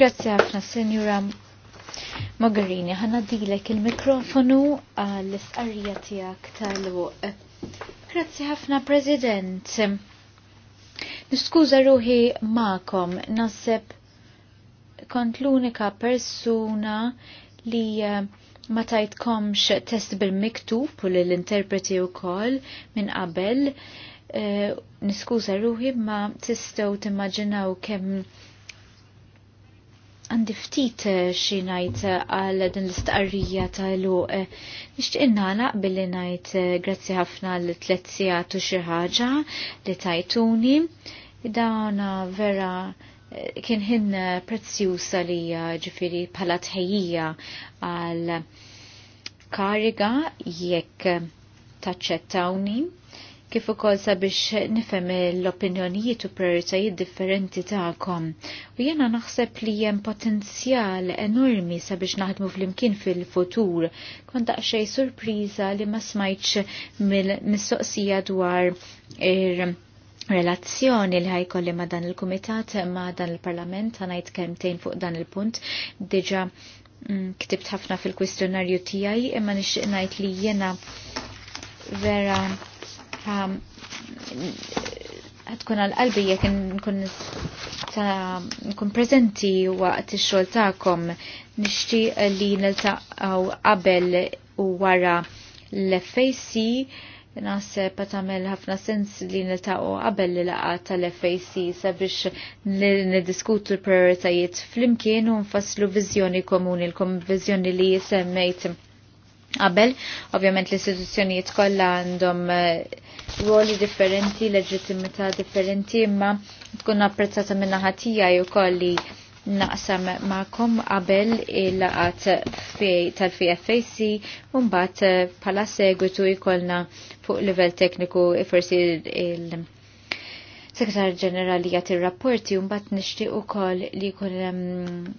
Grazzi ħafna, Senjura Mogherini. Għanna dilek il-mikrofonu għall-isqarrija tiegħek tal-wuq. Grazzi ħafna, President. Niskuża ruħi ma'kom, naħseb kont l-unika persuna li eh, ma tajtkomx test bil-miktub u l-interpreti u kol minn qabel. Niskuza eh, Niskuża ruħi ma tistaw timmaġinaw kemm għandi ftit eh, xi ngħid eh, għal din l-istqarrija tal-luq. Eh, nixtieq nagħla billi ngħid grazzi ħafna l tliet sigħat xi ħaġa li tajtuni. Dan vera kien ħin prezzjusa li ġifiri bħala tħejija għal kariga jekk taċċettawni kif ukoll sabiex nifhem l-opinjonijiet u prioritajiet differenti tagħkom. U jiena naħseb li hemm potenzjal enormi sabiex naħdmu flimkien fil-futur. Kont daqsxejn surpriża li ma smajtx mill-mistoqsija dwar ir relazzjoni li ħajkolli ma dan il-Kumitat ma dan il-Parlament ħanajt tejn fuq dan il-punt diġa mm, ktibt ħafna fil-kwistjonarju tiegħi imma nixtieq ngħid li jiena vera Um, ta' għal-qalbi jek nkun nkun prezenti waqt ix-xogħol tagħkom nixtieq li niltaqgħu qabel u wara l-FAC naħseb tagħmel ħafna sens li niltaqgħu qabel l-laqgħa tal-FAC sabiex niddiskutu l-prioritajiet flimkien u nfasslu viżjoni komuni l-kom viżjoni li jisemmejt qabel. Ovvjament l-istituzzjonijiet kollha għandhom eh, ruoli differenti, leġittimità differenti, imma tkun apprezzata minna ħatija jew kolli naqsam ma'kom qabel il-laqat tal-FFAC mbagħad eh, bħala segwitu jkollna fuq livell tekniku eh, forsi il- Sekretar Ġenerali jagħti rapporti u mbagħad nixtieq ukoll li jkun mm,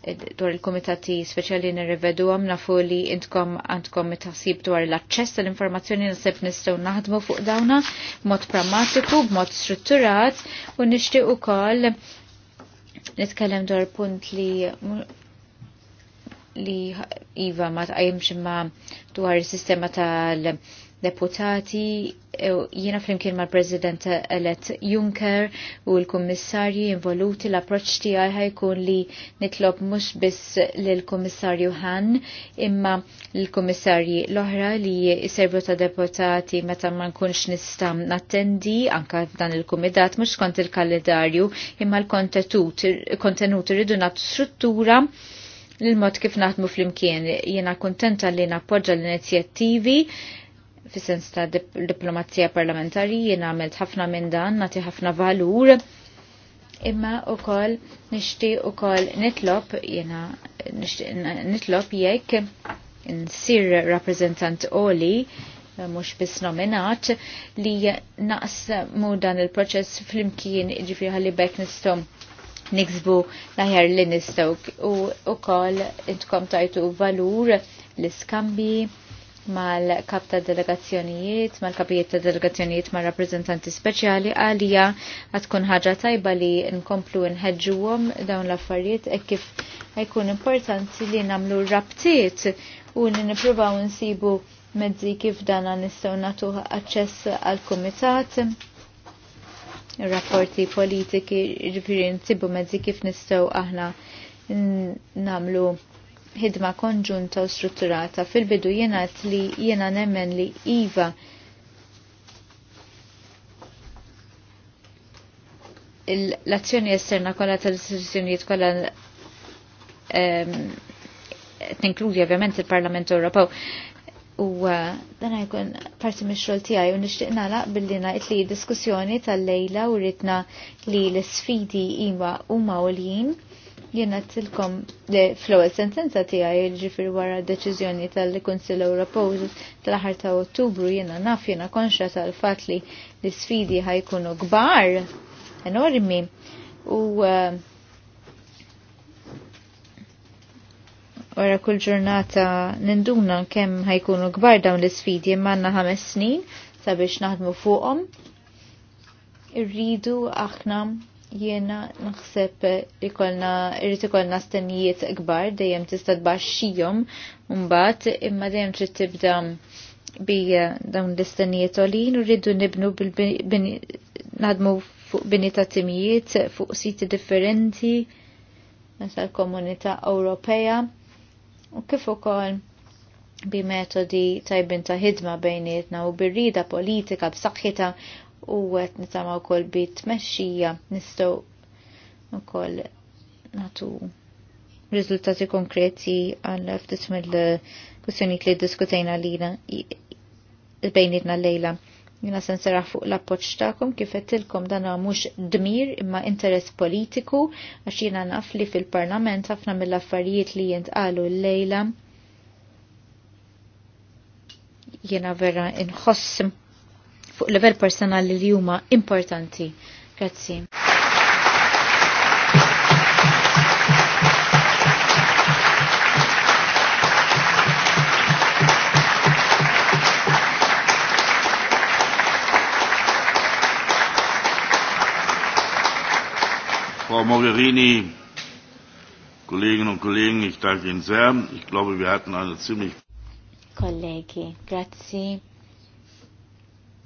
dwar il-komitati speċjali nirrivedu għam nafu li intkom għandkom taħsib dwar l-access tal-informazzjoni nasib nistaw naħdmu fuq dawna mod pragmatiku, mod strutturat u nishtiq u koll nitkellem dwar punt li li Iva ma tqajimx imma dwar il-sistema tal- deputati, e, jiena flimkien mal-President Elet Juncker u l-Kummissarji involuti l-approċ tiegħi ħajkun li nitlob mhux biss lill-Kummissarju Han imma l-Kummissarji l-oħra li jservu ta' deputati meta ma nkunx nista' nattendi anka dan il-kumitat mhux kont il-kalendarju imma l-kontenut irridu nagħtu struttura l-mod kif naħdmu flimkien. Jiena Jena kontenta li nappoġġa l-inizjattivi fis sens ta' diplomazija parlamentari jien għamilt ħafna minn dan, nagħti ħafna valur. Imma wkoll nixtieq ukoll nitlob jiena nitlob jekk nsir rappreżentant oli mhux biss nominat li naqsmu dan il-proċess flimkien ġifri ħalli bek nistom niksbu laħjar li nistaw u ukoll intkom tajtu valur l-iskambi mal-kap ta' delegazzjonijiet, mal-kapijiet ta' delegazzjonijiet, mal-rappresentanti speċjali għalija għatkun ħaġa tajba li nkomplu għom dawn l-affarijiet e kif għajkun importanti li namlu rabtiet u li nsibu mezzi kif dana nistaw natu aċċess għal-komitat rapporti politiki ġifiri nsibu mezzi kif nistaw aħna namlu ħidma konġunta u strutturata. Fil-bidu jena li jena nemmen li Iva l-azzjoni esterna kolla tal-istituzzjonijiet kolla ehm, tinkludi ovvjament il-Parlament Ewropew. U dan jkun parti mix xogħol tiegħi u nixtieq nagħlaq billi ngħid li diskussjoni tal-lejla u ritna li l-sfidi ima huma għoljin Jena tilkom fl-ewwel sentenza tiegħi ġifir wara deċiżjoni tal-Kunsill Ewropew tal-aħħar ta' Ottubru jiena naf jiena konxa tal-fatt li l-isfidi ħajkunu kbar enormi u eh, wara kull ġurnata ninduna kemm ħajkunu kbar dawn l-isfidi imma ħames snin sabiex naħdmu fuqhom irridu aħna Jiena naħseb ikolna, irrit ikolna stennijiet kbar dejjem tista' tbaxxijom mbagħad imma dejjem trid tibda bi eh, dawn l-istennijiet għolin u rridu nibnu bil nadmu fuq bini ta' timijiet fuq siti differenti nasa l-komunità Ewropea u kif ukoll bi metodi tajbin ta' ħidma bejnietna u birrida politika b'saħħitha u għet nitama u kol bit meċxija nistaw u kol natu rizultati konkreti għal ftit mill-kussjoniet li diskutejna lina bejnietna lejla. Jina sen seraħ fuq l poċtakum kif tilkom dan mhux dmir imma interess politiku għax jina naf li fil-parlament ħafna mill-affarijiet li jintqalu l-lejla jena vera inħoss fuq level personali li huma importanti. Grazzi. Frau Mogherini, Kolleginnen und Kollegen, ich danke Ihnen sehr. Ich glaube, wir hatten eine ziemlich... Kollege, grazie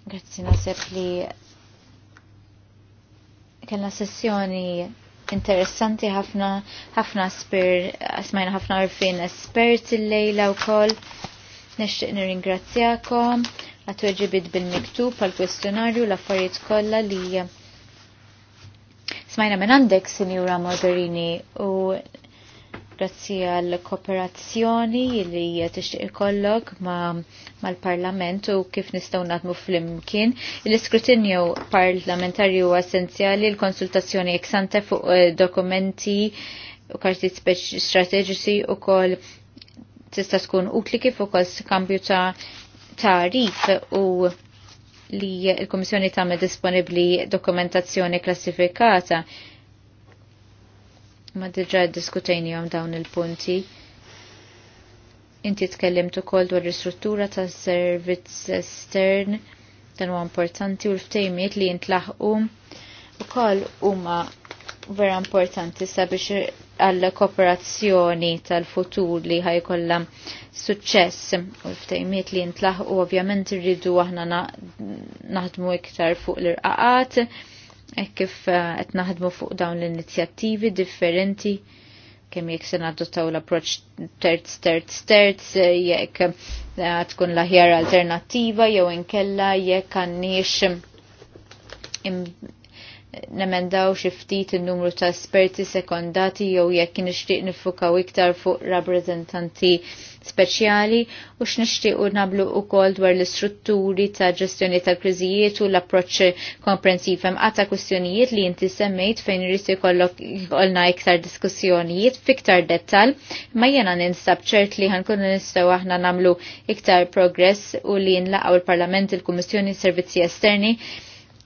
Grazzi nasib li kellna sessjoni interessanti ħafna, ħafna spir, smajna ħafna għarfin esperti il lejla u koll. Nishtiq nir-ingrazzjakom, bil-miktub għal-kwestjonarju l-affarijiet kollha li smajna minn għandek, Sinjura Mogherini, u grazzi għal kooperazzjoni li tixtieq ikollok ma' mal-Parlament u kif nistgħu fl flimkien. Il-iskrutinju parlamentari huwa essenzjali l-konsultazzjoni eksante fuq eh, dokumenti u kartit strateġiċi u kol tista' tkun utli kif ukoll skambju ta' tarif u li l-Komissjoni tagħmel disponibbli dokumentazzjoni klassifikata ma diġa diskutejni għom dawn il-punti. Inti tkellimt ukoll dwar l-istruttura ta' servizz estern dan huwa importanti u l-ftejmiet li jintlaħqu ukoll huma vera importanti sabiex għall kooperazzjoni tal-futur li ħajkollha suċċess u l-ftejmiet li jintlaħqu ovvjament irridu aħna naħdmu iktar fuq l-irqaqat Ek kif eh, qed naħdmu fuq dawn l-inizjattivi differenti kemm jekk se nadottaw l approċċ terz terz terz jekk eh, tkun l-aħjar alternattiva jew inkella jekk għandniex nemendaw xi ftit in-numru ta' esperti sekondati jew jekk nixtieq nifukaw iktar fuq rappreżentanti speċjali u x'nixtiequ nablu wkoll dwar l-istrutturi ta' ġestjoni ta' kriżijiet u l-approċċ komprensiv hemm ta' kwistjonijiet li inti semmejt fejn irid ikollok jkollna iktar diskussjonijiet fiktar dettal, ma jiena ninsab ċert li ħankunu nistgħu aħna nagħmlu iktar progress u li nlaqgħu il-Parlament il-Kummissjoni Servizzi Esterni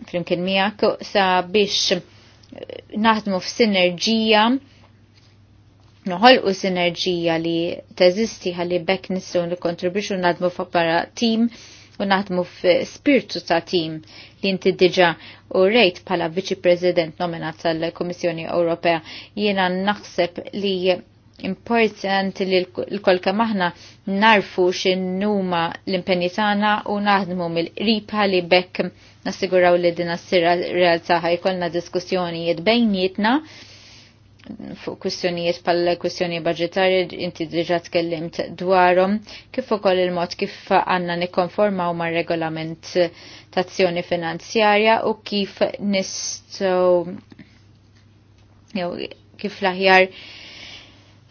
flimkien miegħek sa biex eh, naħdmu f'sinerġija noħolqu sinerġija li teżisti ħalli bekk nistgħu nikkontribwixxu naħdmu f'appara tim u naħdmu f'spirtu ta' tim li inti diġa u rejt pala viċi president nominat tal-Komissjoni Ewropea. Jiena naħseb li importanti li l-kolka maħna narfu xinnuma l-impenni u naħdmu mill-qriba li bekk nassiguraw li din assira realtà ħajkolna diskussjonijiet bejnietna fuq kwistjonijiet pal kwistjoni budgetarji inti diġa tkellimt dwarhom kif ukoll il-mod kif għandna nikkonformaw ma' regolament tazzjoni finanzjarja u kif nistgħu jew kif l-aħjar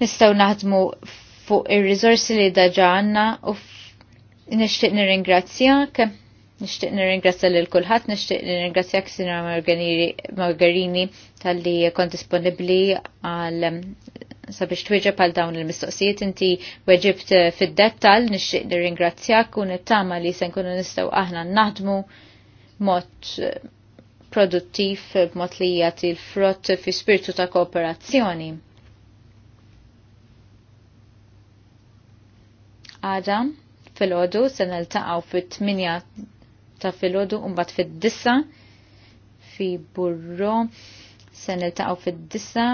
nistgħu naħdmu fuq ir-riżorsi li daġa għandna u nixtieq nirringrazzjak Nishtiq nirringrazzja lil kulħadd, nishtiq nirringrazzjak Sinra Margarini tal-li kont disponibbli għal um, sabiex twieġeb għal dawn il-mistoqsijiet inti weġibt uh, fid-dettal, nixtieq nirringrazzjak u nittama li se nkunu nistgħu aħna naħdmu mod uh, produttiv b'mod li jagħti l-frott fi spiritu ta' kooperazzjoni. Adam, fil-ħodu se niltaqgħu fit-8 ta' filodu un bat fid dissa fi burro se niltaqgħu fid dissa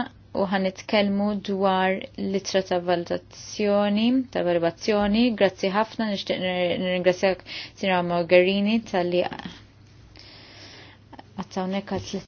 u ħanitkellmu dwar litra ta' valutazzjoni, ta' valutazzjoni. Grazzi ħafna, nixtieq nirringrazzjak Sinra Mogherini tal-li għattawnek għal